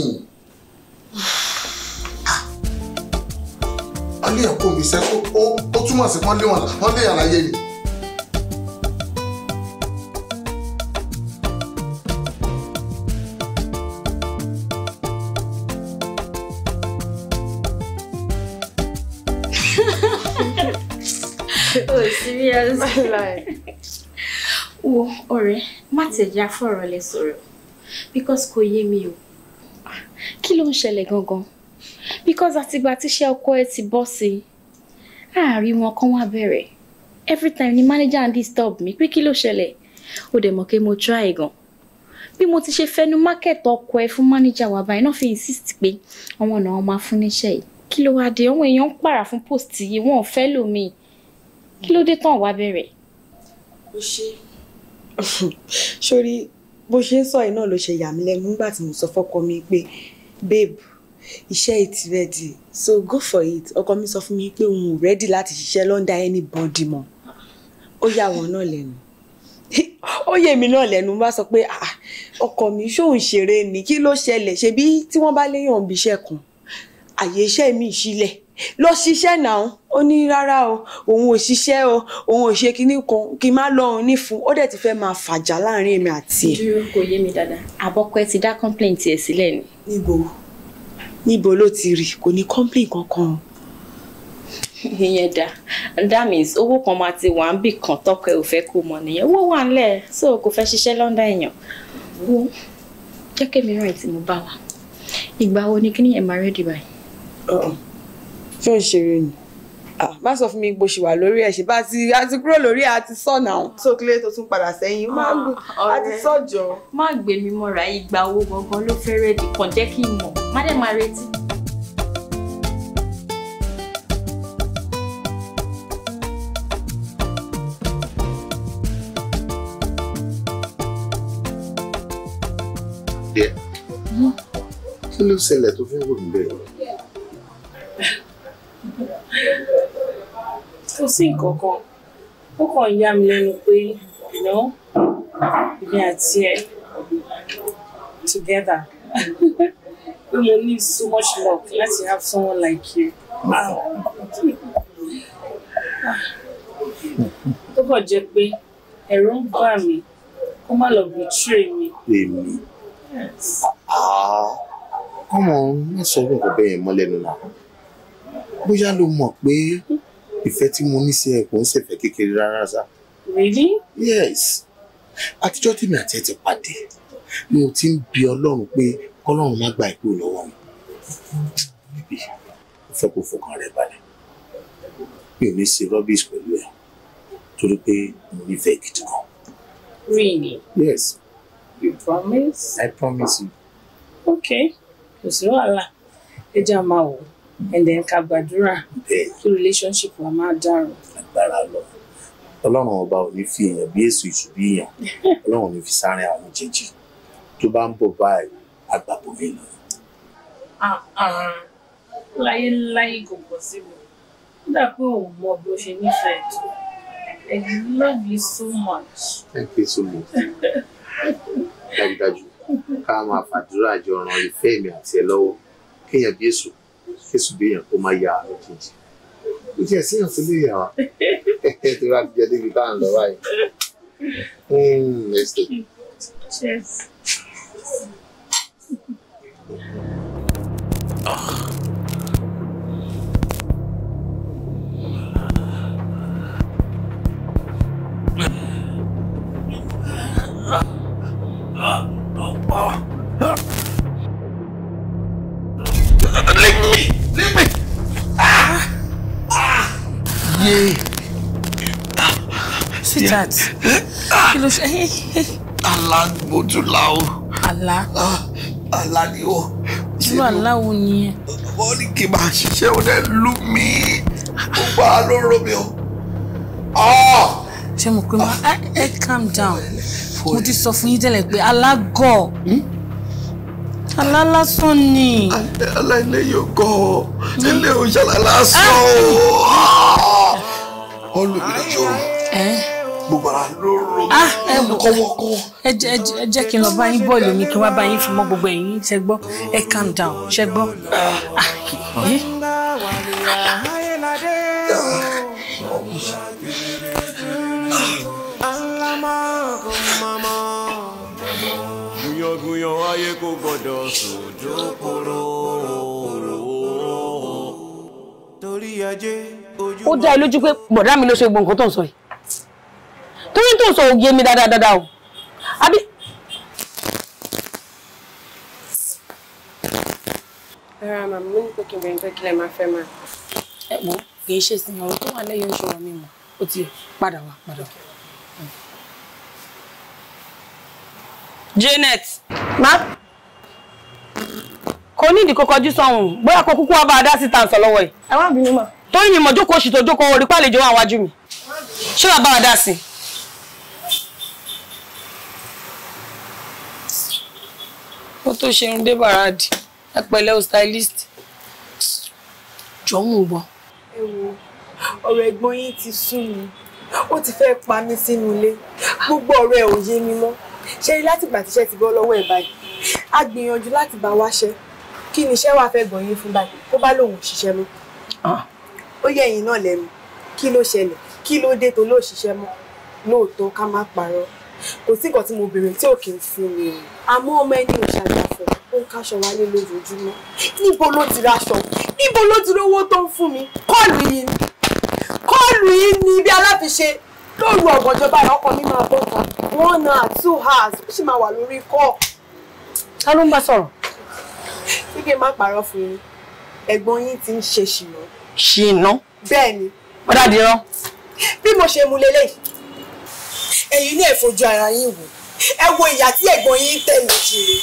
Ah. wọ́n lé ẹ̀kọ́ mi sẹ́kọ̀ọ́ ó túmọ̀ sí wọ́n lá, wọn láyé ni.
serious. wo ọ̀rẹ́ má tẹ̀já fọ̀rọ̀ lẹ sọ̀rọ̀ because kò yé mi o ah, kí ló ń ṣẹlẹ̀ gangan because àtìgbà tíṣẹ́ ọkọ ẹ ti bọ́ sí i àárín wọn kan wá bẹ̀rẹ̀ every time ni manager and disturb mi pé kí ló ṣẹlẹ̀ ó dẹ̀ mọ̀ pé mo try gan bí mo ti ṣe fẹnu market ọkọ ẹ fún manager wa báyìí náà fi insist pé àwọn ọ̀nà wọn máa fún níṣẹ́ yìí kí ló wá dé àwọn èèyàn ń pààrà fún post yìí wọn ò fẹ́ lómi kí ló dé tán wá bẹ̀rẹ̀. ó ṣe sórí bó ṣe ń sọ yìí náà ló ṣe yà mí lẹ́nu nígbà tí mo sọ fọ́kọ mi pé babe iṣẹ́ ìtì rẹ́dì so go for it ọkọ mi sọ fún mi pé òun ò rẹ́dì láti ṣiṣẹ́ lọ́ndà anybody mọ́ ó yà wọ́n náà lẹ́nu ó yẹ mi náà lẹ́nu bá sọ pé ah, ah, ọkọ mi ṣóun ṣeré ni kí ló ṣẹlẹ̀ ṣebí tí wọ́n bá léyàn bí iṣẹ́ kan àyè iṣẹ́ mi sílẹ̀ lọ ṣiṣẹ́ náà ó ní rárá o òun ò ṣiṣẹ́ o òun ò ṣe kinní kan kí n má lọ òun nífun ó dẹ̀ ti fẹ́ máa fàjà láàrin èmi àti ẹ̀. dúró kò yé mi dáadáa àbọ̀kọ ẹ ti dá complaint ẹ sílẹ̀ ni. níbo níbo ló ti rí kò ní complaint kankan o. ìyẹn dá that means owó kan máa ti wà ń bì kan tọkọ ẹ ò fẹ́ kó mọ nìyẹn owó wà ńlẹ̀ so kò fẹ́ ṣiṣẹ́ lọ́ndà èèyàn wo jẹ́ kémi ràn ẹ̀ tí mo bá wa ìgbà wo ni kí ni ẹ̀ máa rẹ́dì báyìí. Uh-uh ṣé ń ṣeré ni má sọ fún mi bó ṣe wà lórí ẹ ṣe bá ti a ti kúrò lórí a ti sọ náà. tó kílé tó tún padà sẹ́yìn má gbé ah, a ti sọ jọ. má gbé mi mọ́ra ìgbà owó gangan ló fẹ́rẹ̀ dì kàn jẹ́ kí n mọ̀ má dẹ̀ máa retí.
kí ló ṣẹlẹ̀ tó fi wò mí bẹ́ẹ̀.
sí nǹkan kan ó kàn yá mi lẹ́nu pé ìná èmi àti ẹ̀ together pé mo need so much luck láti have someone like you. tó ah. kàn jẹ́ pé ẹ̀rù ń bà mí kó má lọ betray mi. èmi
kọ́mọ ah. má sọ fún nǹkan bẹ́ẹ̀ yẹn mọ́ lẹ́nu náà bóyá ló mọ̀ pé ìfẹ́ tí mo ní sí ẹ kò ń ṣèfẹ́ kékeré rárá sá. really. yes àtijọ́ tèmi àti ẹ ti pàdé ni mo ti ń bi ọlọ́run pé kọ́lọ́run má gba ìpò lọ́wọ́ mi. bíbí mo fẹ́ kó fọkàn rẹ balẹ̀ mi ò ní ṣe rubbish pẹ̀lú ẹ torí pé mo nífẹ̀ẹ́ gidi gan.
really. yes. you promise.
i promise you.
okay kò sí wàhálà ẹ jẹ́ àmà wò ó and then ká gbàdúrà kí relationship wa máa dàrú.
agbára lọ ọlọ́run ọba ò ní fi èèyàn bí èso ìṣù bí èèyàn ọlọ́run ò ní fi sáárín àwọn méjèèjì tó bá ń bọ̀ báyìí àgbàbọ̀ mi lọ.
láyé láyé kò pọ̀ sí mi nígbà pé òun mọ bí ó ṣe nífẹ̀ẹ́ tó
I love you so much.
Thank you so much. dájúdájú ká máa fàdúrà jọ ran ìfẹ́ mi àti ẹ lọ́wọ́ kéèyàn bí èso Kesubia, Umaya, gente. Porque assim eu subi, ó. Tu vai pedir gritando, vai. Hum, este.
Cheers. Ah.
Hmm, ah. láyé.
sweetheart kí ló ṣe.
àlá mojú la o. àlá. àlá ni o.
irú àlá wo nìyẹn. wọ́n ní kí n máa ṣiṣẹ́ ó dẹ́ lú mi gbogbo àlọ́ rọ mi o.
Ah! ṣé mo pé ma ẹ ah. eh, eh, calm down mo ti sọ fún yín tẹ́lẹ̀ pé alágọ̀ hmm? àlá lásán ni.
àlá ilé yóò gọ̀ ilé hmm? òṣèlú lásán wọ́n lù mí lọ́jọ́ gbogbo ara ló
rọ ẹ jẹ́ kí n lọ bá yín bọ́ọ̀lù mi kí n wá bá yín fún mọ́ gbogbo ẹ̀yin ṣe gbọ́ ẹ calm down ṣe gbọ́. Ah, eh?
gúnyangúnyan ayé kò gbọdọ̀ sòdò torí ajé ó dá ẹ
lójú pé bọ̀dá mi ló ṣe gbọ́ nǹkan tó ń sọ yìí torí tó ń sọ òye mi dáadáa dáadáa o àbí.
ara màmá mi ní pé kí n bẹ̀rẹ̀ pé kí lè máa fẹ́ máa.
ẹ wo kì í ṣe sí ọ̀rọ̀ tó wà lẹ́yìn oṣù mi mọ̀ ó ti padà wá padà Janet ma kò ní ìdí kò kọjú sọ̀hún bóyá kò kúkú wá bá a dá síta ń sọ lọ́wọ́ ẹ̀. ẹ má bínú mà torí mi mọ̀ jókòó oṣù tó jókòó orí pàlejò wà wájú mi ṣé wàá bá wa dá sí i. ó tó ṣerun dé bàràdì o stylist jọ̀ọ́ mú un bọ̀. ẹ wo ọ̀rọ̀ ẹ̀gbọ́n yín ti sú mi ó ti fẹ́ pa mí sínú ilé gbogbo ọ̀rọ̀ ẹ̀ ò yé mi mọ́ ṣé látìgbà tíṣẹ́ ti bọ́ lọ́wọ́ ẹ̀ báyìí a gbìyànjú láti bá wáṣẹ́ kí ni iṣẹ́ wàá fẹ́ gbọ̀nyín fún báyìí kó bá lòun òṣìṣẹ́ mọ́. Ah ó yẹ ẹ̀yin náà lẹ́nu kí ló ṣẹlẹ̀ kí ló dé tó ló ṣiṣẹ́ mọ́ lóòótọ́ ká má parọ́ kò sí nǹkan tí mo béèrè tí ò kí n fún mi àmọ́ ọmọ ẹni ò ṣàgbàfọ̀ ó ń káṣọ wálé lójoojúmọ́ níbo ló ti raṣọ níbo ló ti rówó tó ń fún mi kọ́ọ̀lù yìí ni kọ́ọ̀lù yìí ni bí aláfiṣe lóru ọ̀gànjọba ọkọ mi máa bọ̀ kan one hour two hours ó sì máa wà lórí kọ́ọ̀. ká ló ń bá sọ̀rọ̀. kíkẹ́ má parọ́ fún mi ẹ̀gbọ́n yín ti ń ṣe ṣìnà ṣìnà. bẹ́ẹ̀ni. ó dàdí rán. bí mo ṣe mu lélẹ̀ ẹ̀yin ní ẹ fojú ara yín wò ẹ wo ìyà tí ẹ̀gbọ́n yín tẹ̀ mí kiri.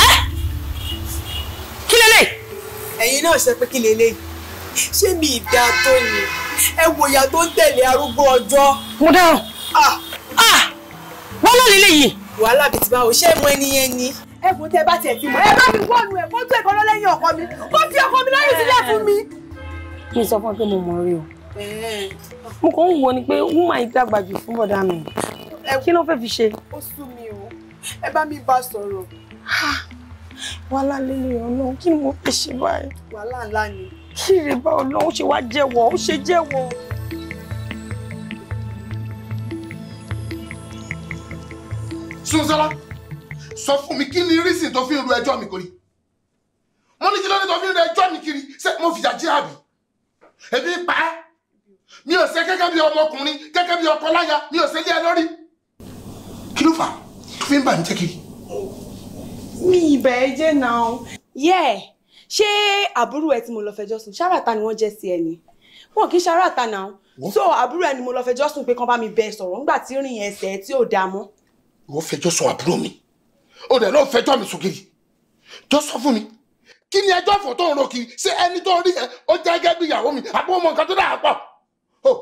ẹ kí lélẹ̀. ẹ̀yin náà ṣe pé kí lélẹ̀ ṣé mi ìdá tó yẹn ẹ wo ìyà tó ń tẹ̀lé arúgbó ọjọ́. mo dáhùn. ah ah wọ́n lọ́ọ́ lélẹ̀ yìí. wàhálà bìtìbá ò ṣe é mọ ẹni yẹn ni ẹ̀bùn tẹ bá tiẹ̀ ti mọ̀ ẹ bá mi wọ́ọ̀nù ẹ̀ kó ẹ̀kọ́ lọ lẹ́yìn ọkọ mi kó fi ọkọ mi lẹ́yìn sílẹ̀ fún mi. mi sọ fún ọ pé mo mọ̀ rí o mo kàn ń wo ni pé wúmà yìí dàgbà jù fún bọ̀dá mi kí ló fẹ́ fi ṣe. ó sú mi o ẹ bá mi bá sọ̀rọ̀. wàhálà lélẹ̀ ọ̀nà kí ni mo fi ṣe báyìí. wàhálà ńlá ni. kí rè bá ọlọ́run ṣe wá
jẹ́wọ́ ó ṣe jẹ́wọ́. Sunsala sọ fún mi kí ni reason tó fi ń ru ẹjọ́ mi kiri mo ní kí ló ní tó fi ń ru ẹjọ́ mi kiri ṣé mo fìyà jẹ àbí ebi pa ẹ́ mi ò ṣe gẹ́gẹ́ bí ọmọkùnrin gẹ́gẹ́ bí ọkọ láya mi ò ṣe lé ẹ lórí kí ló fà á tó fi ń bà mí jẹ́
kiri. mi ìbẹ̀ ẹ jẹ́ náà. yẹ́ ṣé àbúrò ẹ tí mo lọ fẹjọ́ sùn ṣáráàtà ni wọ́n jẹ́ sí ẹ ni wọn kì í ṣáráàtà náà so àbúrò ẹ ni mo lọ fẹjọ́ sùn pé kán bá mi bẹ sọ̀rọ̀ nígbà tí rìn ẹsẹ̀
tí ò dá mọ́. wọ́n fẹjọ́ sùn àbúrò mi o dẹ̀ lọ́ọ́ fẹjọ́ mi sùn kiri jọ sọ fún mi kí ni ẹjọ́ fò tó ń ro kiri ṣé ẹni tó rí yẹn ó jẹ́ gẹ́gẹ́ bí ìyàwó mi àbí ọmọ nǹkan tó dáa pọ̀ o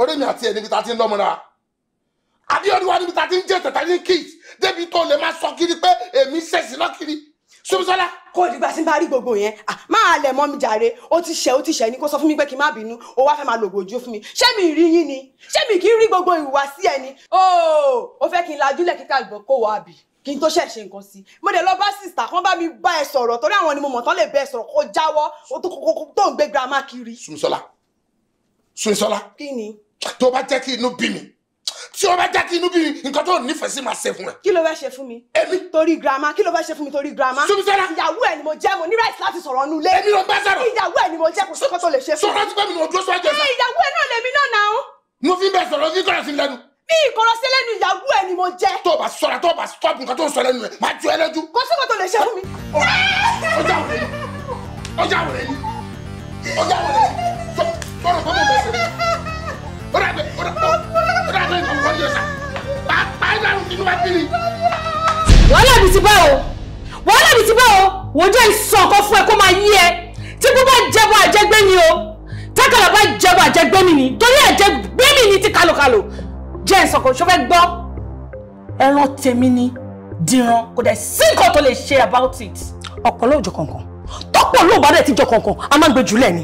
orí mi àti ẹni ta ti ń lọ́mọ náà adéyọ̀dé wa níbi ta ti ń jẹ́ tẹ̀tà ní kids débi tó lè máa sọ kiri pé èmi ṣèṣì lọ́ kiri
sọ́bísọ́lá. kó o dìgbà tí n bá rí gbogbo yẹn ah, máa lẹ̀ mọ́ mi jàre ó ti ṣe ó ti ṣe ni kó sọ fún mi pé kí n má bínú ó wá fẹ́ máa lògbò ojú fún mi ṣé mi rí yín ni ṣé mi kì í rí gbogbo ìhùwàsí ẹ ni ó ó fẹ́ kí n lajúlẹ̀ kíkà ìbọn kó wọ àbí kí n tó ṣẹ̀ṣẹ̀ nǹkan sí mo dẹ̀ lọ bá sista kan bá mi bá ẹ sọ̀rọ̀ torí àwọn ni mo mọ̀ tán lè bẹ ẹ sọ̀rọ̀ kó jáwọ́ tó ń gbé girama kiri.
sunsola sunsola. kí ni. tó bá jẹ́ kí inú bí mi tí o bá jẹ́ kí inú bí nǹkan tó nífẹ̀ẹ́ sí máa ṣe fún ẹ. kí ló fẹ́ ṣe fún mi. èmi. torí girama kí ló fẹ́ ṣe fún mi torí girama.
sumisọ́lá. ìyàwó ẹ̀ ni mo jẹ́ mo ní rẹ́ẹ̀sì láti sọ̀rọ̀ ọ̀nù lé. èmi ló bá sọ̀rọ̀. ìyàwó ni mo jẹ́ kò sókò tó lè ṣe fún mi. sọ̀rọ̀
ti pẹ́ mi ní ojú ọ̀ṣọ́ àjọṣe. ìyàwó ẹ̀ náà lèmi náà nà fi bẹ́ẹ̀ sọ̀rọ̀ mi ìkọrọsẹ lẹ́nu ìyàwó ẹ ni mo jẹ. tó o bá sọra tó o bá sọpù nǹkan tó ń sọ lẹ́nu ẹ máa ju ẹ lójú. kò sí kòtò lè ṣe mi. ọjà wòlé ni ọjà wòlé ni ọjà wòlé ni tọrọ kọ́ mọ̀ bẹ́sẹ̀ mi. ó dàgbé ó dàgbé ó dàgbé nǹkan kọ́ yẹ sá pàápàá ìlànà nínú wa bí ni. wàhálà mi ti bá o wàhálà mi
ti bá o wò ó jẹ́ ìsọ̀kan fún ẹ kó máa yí ẹ tí gbogbo bá jẹbọ àjẹgbẹ́ àjẹgbẹ́ ni ti jẹ́ ìsọ̀kò ṣó fẹ́ gbọ́ ẹran tèmi ni dìran kò dẹ̀ sí nǹkan tó lè ṣe about it. ọ̀pọ̀ lóòjọ́ kankan tọ́pọ̀ lóò bá dẹ̀ ti jọ kankan a máa ń gbé jùlẹ̀ ni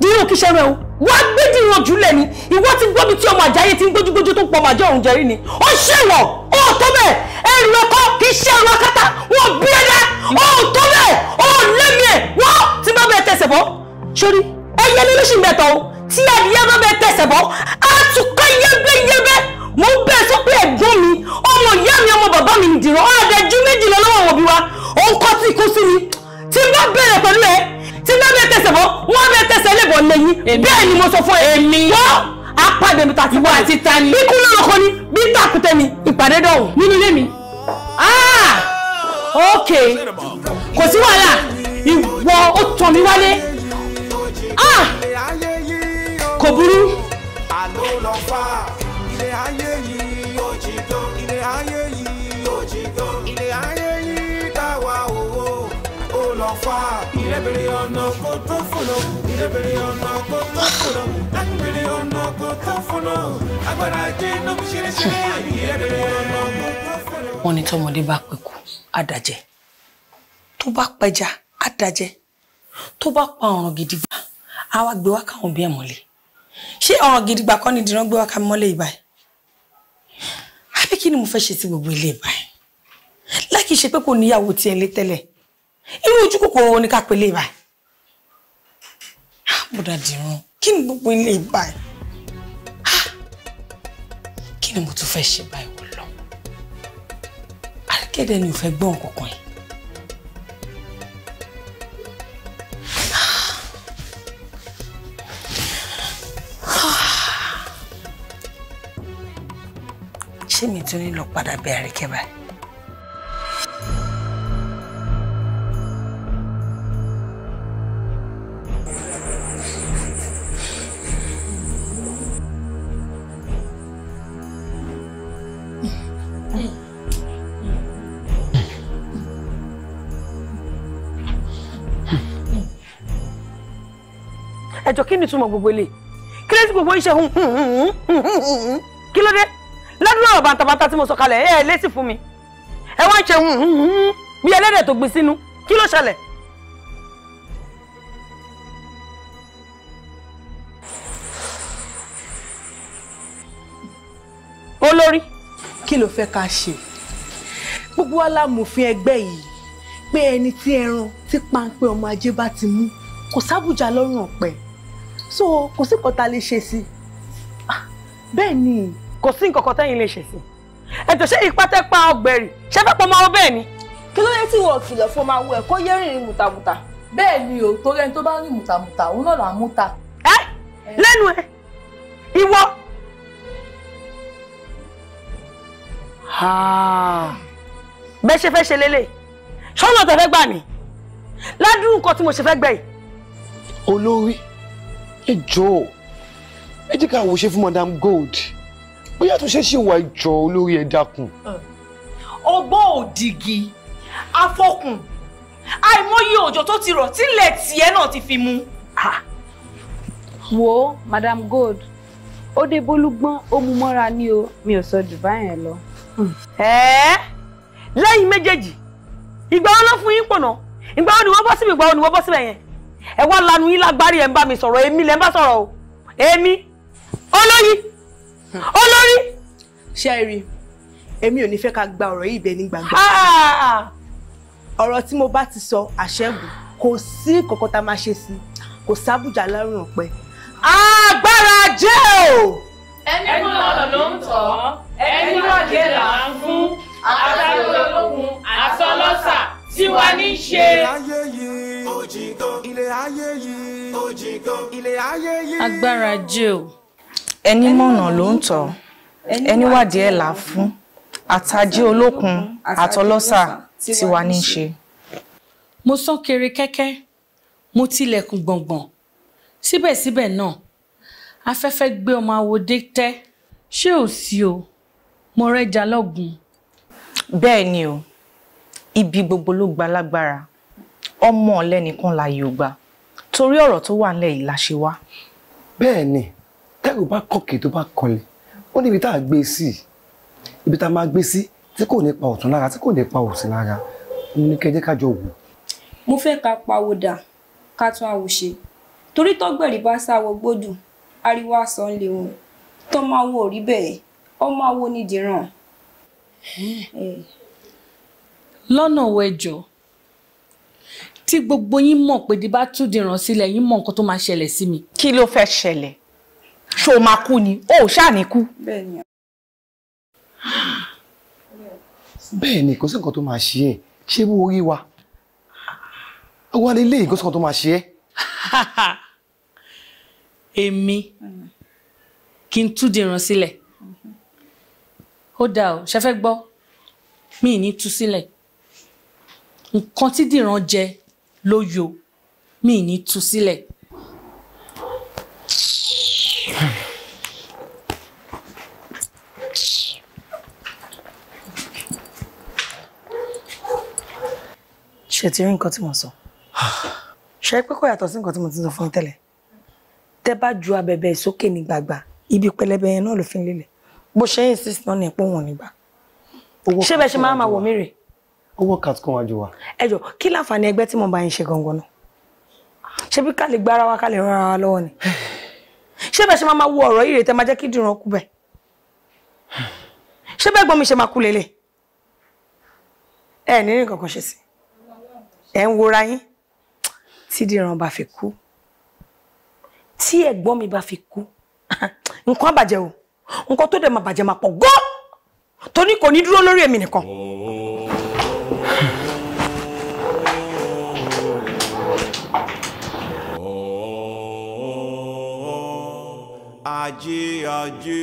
dìran kí ṣẹ́rẹ́ o wá gbé dìran jùlẹ̀ ni ìwọ ti gbọ́ mi tí ọmọ àjáyé ti ń gbójúgbójú tó ń pọ̀ màjọ òun jẹ́rí ni ó ṣèwọ̀ ó tó bẹ́ẹ̀ ẹ̀rù ọkọ kì í ṣe àwọn akátá wọn bí ẹ̀dá e ó tó bẹ́ẹ̀ ó lẹ́mìí ẹ̀ wọ́n ti bá bẹ́ẹ̀ tẹ̀sẹ̀ bọ́ sórí ẹyẹ lóṣù mẹ́tọ̀ o tí adìyẹ bá bẹ́ẹ̀ tẹ̀sẹ̀ bọ́ á tún k bàbá mi dìran ó àdẹjú méjì lọ lọ́wọ́ àwọn òbí wa òun kọ́ tí kú sí mi tí bá bẹ̀rẹ̀ pẹ̀lú ẹ tí bá bẹ tẹsẹ̀ bọ́ wọ́n bẹ tẹsẹ̀ lè bọ̀
lẹ́yìn bẹ́ẹ̀ ni mo sọ fún ẹ wọ́n apàdé mi tàti wá àti ta ni ikú lọ́rọ̀ kan ni bí
tàkùtẹ̀ ni ìpàdé dọ̀hùn nínú ilé mi ah ok
kò sí wàhálà ìwọ ó tàn mí wálé ah kò burú. ọ̀fà ìrẹ́bìrì ọ̀nà kò tó fòlò ìrẹ́bìrì ọ̀nà kò tó fòlò lákìbìrì ọ̀nà kò tó fòlò agbára jẹ́ nọ́bù ṣeréṣeré ìrẹ́bìrì ọ̀nà
kò tó fòlò. wọ́n ní tọmọdé bá pẹ̀kú àdàjẹ tó bá pẹja àdàjẹ tó bá pa ọ̀ràn gidigba á wá gbé wá káwọn bí ẹ̀ mọ́lẹ̀ ṣé ọ̀ràn gidigba kọ́ ni dìran gbé wá ká mọ́lẹ̀ ìbáyìí àbí kí ni mo fẹ́ ṣe sí gbogbo ilé ìbáyìí láì kí ṣe pé kò níyàwó tiẹ̀ lé tẹ́lẹ̀ irú ojú kòkòrò wo ni ká pè lè báyìí bọ́dà ah, dìrún kí ni gbogbo ilé báyìí ah, kí ni mo tún fẹ́ ṣe báyìí wọ́n lọ àríkẹ́dẹ́ ni ò fẹ́ gbọ́n kankan yìí. Ah. ṣé mi tún ní lọ padà bẹ àríkẹ́ báyìí. ni túmọ̀ gbogbo ilé kí ló ti gbogbo iṣẹ́ hun hun hun hun hun kí ló dé lọ́dún náà bàtàbàtà tí mo sọ kalẹ̀ ẹ lé sí fún mi ẹ wá ń ṣe hun hun hun bí ẹlẹ́dẹ̀ tó gbin sínú kí ló ṣẹlẹ̀. olórí. kí ló fẹ́ ká ṣe gbogbo alámòfin ẹgbẹ́ yìí pé ẹni tí ẹran tí páńpẹ́ ọmọ ajé bá ti mú kò sábùjá lọ́rùn ọ̀pẹ so kò sí nǹkan tá a lè ṣe sí ah, bẹ́ẹ̀ ni. kò sí nǹkan kan tẹ́yìn lè ṣe sí ẹ̀jọ̀ ṣé ipá tẹ́ pa ọgbẹ̀rì ṣé fẹ́ pọ́ máa wọ bẹ́ẹ̀ ni. kí ló dé tí wọ́n kìlọ̀ fún ọmọ awọ ẹ̀ kó yé rìnrìn mùtàmùtà. bẹ́ẹ̀ ni o torí ẹni tó bá rìn mùtàmùtà òun náà là ń múta. ẹ lẹ́nu ẹ ìwọ. bẹ́ẹ̀ ṣe fẹ́ ṣe lélẹ̀ ṣọ́nà tẹ fẹ́ gbà mí ládùn nǹkan tí mo ṣe fẹ́ gbẹ̀ olórí
ẹ jọ̀ọ́ ẹ jẹ́ ká wòṣe fún madam gold bóyá tó ṣe ṣì wà ìjọ olórí ẹ dákun.
ọgbọ́n òdìgí afọkùn àìmọye òjò tó ti rọ̀ tílẹ̀ tiẹ̀ náà ti fi mu. wo madam gold ó dé bólúgbọ́n ó mú mọ́ra ní o mi ò sọ dubai yẹn lọ. ẹ̀ẹ́ lẹ́yìn méjèèjì ìgbà wo ló fún yín pọ̀nà ìgbà wo ni wọ́n bọ́ síbi ìgbà wo ni wọ́n bọ́ síbẹ̀ yẹn ẹ wá lanu yín lágbárí ẹ ń bá mi sọ̀rọ̀ èmi lẹ ń bá sọ̀rọ̀ o èmi olóyè olórí. ṣé ẹ rí èmi ò ní fẹ́ ká gba ọ̀rọ̀ yìí bẹ́ẹ̀ ní gbàgbọ́ ah, ah, ah, ọ̀rọ̀ tí mo bá ti sọ àṣẹ́gun kò sí kọ̀kan tá a máa ṣe sí kò sábùjá lọ́rùn ọ̀pẹ.
agbára
jẹ́ o.
ẹni náà ló ń tọ́ ẹni náà jẹ́ là ń fún
àtàlólógún àtọlọ́sà tí wàá ní ṣe ilẹ̀ ayé yìí
ilẹ̀ ayé yìí. agbára jẹ́ o. ẹni mọ̀nà ló ń tọ̀ ẹni wádìí ẹ̀ là fún àtàjẹ́ olókun àtọlọ́sà tí wàá ní í ṣe. mo sán kere kẹ́kẹ́ mo tilẹ̀kùn gbọ̀ngbọ̀n síbẹ̀síbẹ̀ náà afẹ́fẹ́ gbé ọmọ àwòdé tẹ́ ṣé ò sí o mo rẹ́jà lọ́gùn. bẹ́ẹ̀ ni o ibi gbogbo ló gba lágbára ọmọ ọ̀lẹ́nìkan láàyè ògbà torí ọ̀rọ̀ tó wà nílẹ̀ yìí la ṣe wá.
bẹ́ẹ̀ ni tẹ́rù bá kọ̀kì tó bá kọlẹ̀ ó níbi tá a gbé sí ibi tá a máa gbé sí tí kò ní pa ọ̀tún lára tí kò ní pa òsì lára mo ní kẹjẹ kájọ wò.
mo fẹ́ ka pawọ́dà ká tún àwòṣe torí tọ́gbẹ̀rì bá sáwọ gbódù ariwo àsán lè wọn tọ́mọ awo ò rí bẹ́ẹ̀ ọmọ awo nídìí ràn. lọ́nà wẹjọ́ tí gbogbo yín mọ̀ pé di bá tún dìran sílẹ̀ yín mọ̀ nǹkan tó máa ṣẹlẹ̀ sí mi. kí ló fẹ́ ṣẹlẹ̀ ṣó máa kú ni ó ṣáàní kú.
bẹ́ẹ̀ ni kò sí nǹkan tó máa ṣe é ṣé bó orí wa wà lè léyìn kò sí nǹkan tó máa ṣe é.
èmi kí n tún dìran sílẹ̀ ó dáa o ṣe fẹ́ gbọ́ mi ní tú sílẹ̀ nǹkan tí dìran jẹ lóyò mi ní tu sílẹ̀. ṣe ti rí nǹkan tí mo sọ ṣe pé kò yàtọ̀ sí nǹkan tí mo ti sọ fún tẹ́lẹ̀ tẹ́ bá ju abẹ̀bẹ̀ sókè ní gbàgbà ibi pẹlẹbẹ yẹn náà ló fi ń lélẹ̀ bó ṣe ń insist náà ní ẹ̀pọ̀ wọn nígbà ṣé bẹ́ẹ̀ ṣe máa ma wọ̀ mí rèé ó wọ́ kàtí wájú wa. ẹ jọ kí láǹfààní ẹgbẹ́ tí mo bá yín ṣe gangan náà ṣé bí ká lè gbára wa ká lè ran ara wa lọ́wọ́ ni ṣé bẹ́ẹ̀ ṣe máa wo ọ̀rọ̀ yìí rè tẹ́ máa jẹ́ kí dìran kú bẹ́ẹ̀ ṣé bẹ́ẹ̀ gbọ́n mi ṣe máa kú lélẹ̀ ẹ ní nǹkan kan ṣe sí ẹ ń wora yín tí dìran bá fi kú tí ẹ̀gbọ́n mi bá fi kú nǹkan àbàjẹ́ o nǹkan tó dẹ̀ máa bàjẹ́ máa pọ̀ gọ́ torí kò ní dúró lórí èmi nìkan. Oh.
ajé ajé.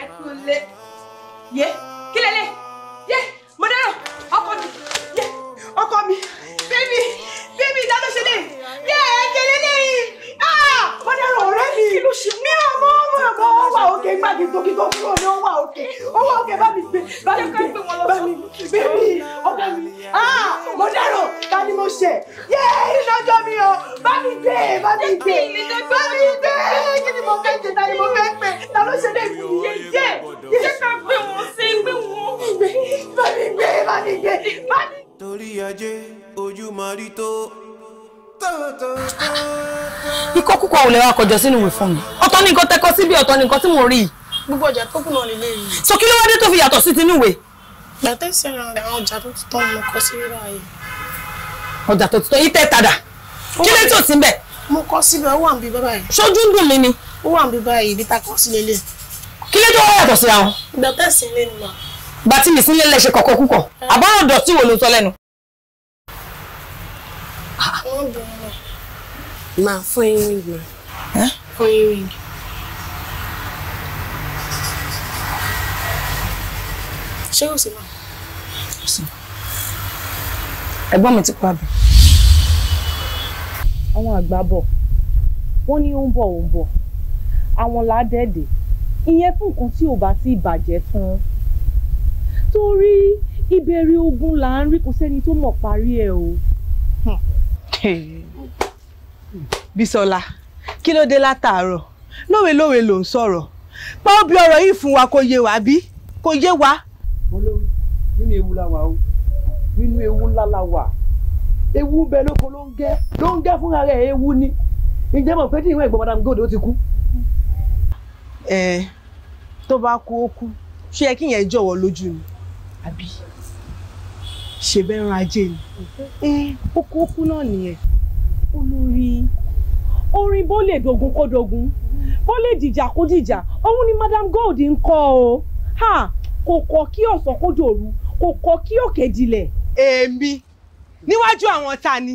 ẹ kúlẹ̀ yé kílẹ̀ lè. ló ṣe mí ọmọ ọmọ ọmọ ó wà òkè gbàgbé tókì tó kúrò ní ó wà òkè ó wà òkè bá mi gbé bá mi gbé bá mi gbé mi ọkọ mi ah mo dárò ta ni mo ṣe yé ìlọjọ mi o bá mi gbé bá mi gbé bá mi gbé kí ni mo fẹ́ jẹ ta ni mo fẹ́ pè ta ló ṣe léèkì yé yé yé
ká
gbé wọn sí gbé wọn gbé bá mi gbé bá mi gbé bá mi. torí ajé ojú máa rí tó ikọ́ kúkọ́ ò lè
wá kọjọ sínú ìwé fún mi ọ̀tọ̀ ni nǹkan tẹ́kọ́ síbi ọ̀tọ̀ ni nǹkan tí mo rí
gbogbo ọjà tó kù náà nílé yìí. so kí ló wá dé tó fi
yàtọ̀ sí tinú ìwé. gbàtẹ́ ìṣẹ̀rọ̀ àwọn ọjà tó ti tán mo kọ sí rírà yìí. ọjà tó ti tán yìí tẹ́ tàdà kí lè tó ti ń bẹ̀. mo kọ síbẹ̀ ó wà níbi bábà yìí. sójú ń dùn mí ni. ó wà níbi báyìí ibi tá sí lélẹ̀. kí lè tó wá yàtọ̀ síra wọn. gbàtẹ́ ìsìn lé Ma, phone ring, ma. Eh? Phone ring. Ṣé o sì wà? Ẹ̀gbọ́n mi ti pa bẹ̀. Àwọn àgbà bọ̀, wọ́n ní ó ń bọ̀ ó ń bọ̀. Àwọn ládẹ́dẹ̀, ìyẹn fún nǹkan tí ò bá ti bàjẹ́ tán. Torí ìbẹ̀rẹ̀ ogun là ń rí kò sẹ́ni tó mọ̀ parí ẹ̀ o. bisola kí ló dé látàárọ̀ lówelowe ló ń sọ̀rọ̀ pa bí ọ̀rọ̀ yìí fún wa kò yé wa bí kò yé ewu o nínú ewu ńlá ewu bẹ ló ń gẹ́ ló ń ewu ni ǹjẹ́ mọ̀ pé madam gold ti kú. tó bá kú ó kú ṣé ni. ṣe bẹ́ẹ̀ ran ajé ni ẹ okú okú náà nìyẹn olórí orin bó lè dogun kó dogun bó lè dìjà kó dìjà òun ni madam gold ń kọ o kò kọ kí ọ̀sán kó dòru kò kọ kí òkè dilẹ̀. èmi níwájú àwọn ta ni.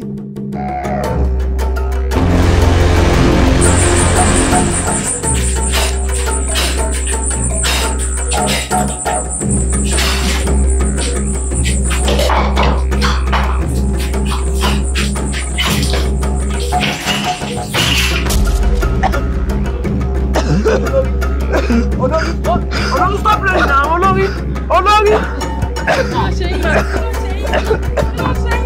olórí olórí stop playing now olórí olórí. kí ah, ló ṣe yín kí
ló